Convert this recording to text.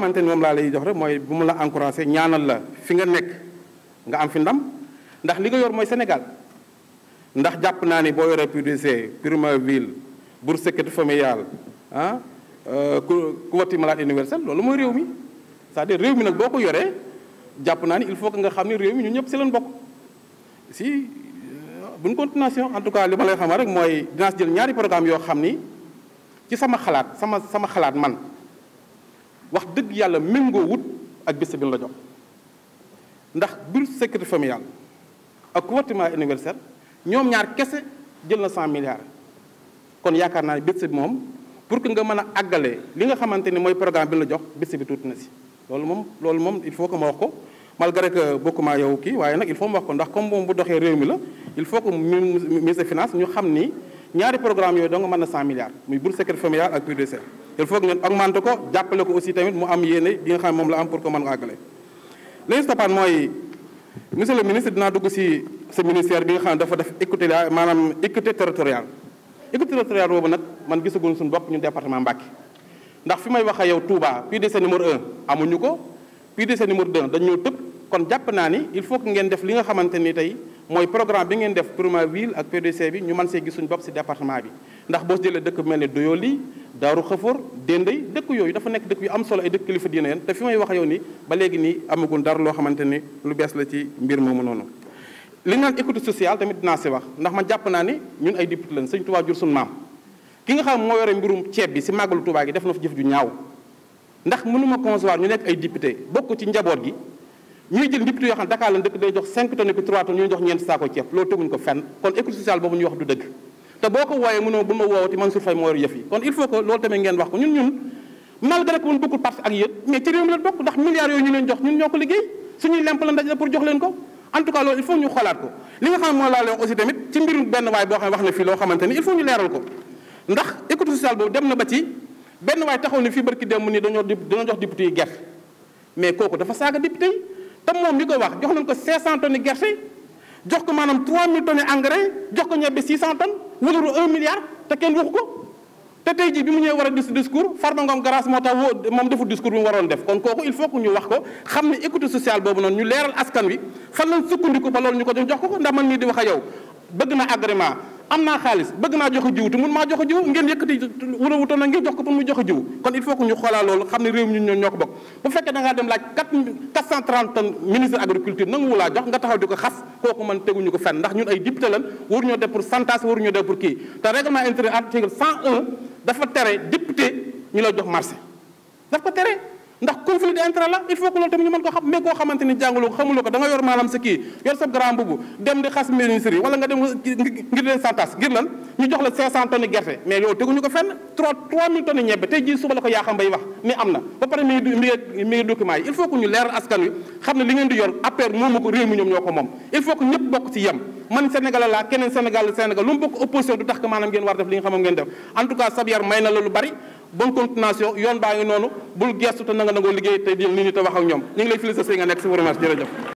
xamante ni moom laa lay jox rek mooy bu mu la encouragé ñaanal la fi nga nekk nga am fi ndam ndax li nga yor mooy Sénégal ndax jàpp naa ni boo yoree PUDC Primoville bourse sécurité familiale ah couverture euh, maladie universelle loolu mooy réew mi c'est-à-dire réew mi nag boo ko yoree jàpp naa ni il faut que nga xam ne réew mi ñun ñëpp si leen bokk si euh, buñ continuation en tout cas li ma lay xamal rek mooy dinaa si jël ñaari programme yoo xam ni ci sama xalaat sama sama xalaat man wax dëgg yàlla méngoo wut ak bés bi la jox ndax biir sécurité familiale ak couverture universelle ñoom ñaar kese jël na cent milliards kon yaakaar naa ne bés bi moom pour que nga mën a àggalee li nga xamante ni mooy programme bi la jox bés bi tuuti na si loolu moom loolu moom il faut que ma wax ko malgré que bokkuma yow kii waaye nag il faut mu wax ko ndax comme bu doxee réew mi la il faut que ministre des finances ñu xam ni ñaari programme yooyu doo nga mën na 100 milliards muy bourse secret il faut que ngeen augmenter ko jàppale ko aussi tamit mu am yéene bi nga xam moom la am pour que mën nga àggale li ñu mooy monsieur le ministre dinaa dugg si sa ministère bi nga xam ne dafa def équité maanaam équité territoriale équité territoriale boobu nag man gisagul suñu bopp ñu département Mbacké ndax fi may wax ak yow Touba PDC numéro 1 amuñu ko PDC numéro 2 dañoo tëb kon jàpp naa ni il faut que ngeen def li nga xamante ni tey mooy programme bi ngeen def pour ma ville ak PDC bi ñu man see gis suñu bopp si département bi ndax boo jëlee dëkk mel ni Doyoli Daaru Xafoor Dendey dëkk yooyu dafa nekk dëkk yu am solo ay dëkk kilifa diine yeen te fi may wax yow ni ba léegi nii amagul dara loo xamante ni lu bees la ci mbir moomu noonu li naan écoute sociale tamit dinaa si wax ndax ma jàpp naa ne ñun ay député lañ sëñ Tuubaa jur suñu maam ki nga xam moo yore mbirum ceeb bi si màggalu Tuubaa gi def na fa jëf ju ñaaw ndax mënuma concevoir ñu nekk ay député bokk ci njaboot gi ne Dakar lañ dëkk day jox 5 tonnes ko 3 tonnes ñuy jox ñeent saako ceeb loolu teguñ ko fenn kon écoute sociale dëgg te boo ko wooyee mënoo bu ma woowati Mansour Faye moo yor yëf yi kon il faut que loolu tamit ngeen wax ko ñun ñun malgré que ñun bokkul parti ak yéen mais ci réew mi la bokk ndax milliards yooyu ñu ko liggéey suñuy lemp la ndaj pour ne moo laa leen aussi na ko ndax écoute sociale boobu ba ci benn waay taxaw ni fii barki dem ni dañoo dañoo jox député yi gerte mais kooku dafa saaga député yi te moom mi wax jox nañ ko 500 tonnes gerte jox ko maanaam 3000 tonnes engrais jox ko ñebe 600 tonnes wutaru un milliard te kenn waxu ko te tey jii bi mu ñëwee war a dis discours Farba Ngom Garaas moo tax woo moom deful discours bi mu waroon def kon kooku il faut que ñu wax ko xam ne équité sociale boobu noonu ñu leeral askan wi fan lañ sukkandiku ba loolu ñu ko jox ko ko ndax man mii di wax a yow bëgg na agrément am naa xaalis bëgg naa joxe jiw te mun maa joxe jiw ngeen yëkkati wala wutoon na ngeen jox ko pour mu joxe jiw kon il faut que ñu xoolaa loolu xam ne réew mi ñun ñoo ko bokk bu fekkee da dem laaj quatre quatre cent ministre agriculture nangu wulaa jox nga taxaw di ko xas kooku man teguñu ko fenn ndax ñun ay député lan waruñoo def pour santas waruñoo def pour kii te règlement intérieur article 101 dafa tere député ñu la jox marché daf ko tere ndax conflit d'intérêt la il faut que loolu tamit ñu mën ko xam mais koo xamante ni jànguloo ko xamuloo ko da yor maanaam sa kii yor sa grand mbubu dem di xas ministre yi wala nga dem ngir leen santas ngir lan ñu jox la 500 suba la ko yaa bay wax ni am na ba pare mi ngi mi ngi il faut que ñu leeral askan wi xam ne li ngeen di yor affaire moomu ko réew mi ñoom ñoo ko moom il faut que ñëpp bokk ci yem man Sénégal laa keneen bonne continuation yoon baa ngi noonu bul gestu te nanga nangoo liggéey te di nit ñi te ñoom ñu ngi lay félicité nga nekk si vous remercie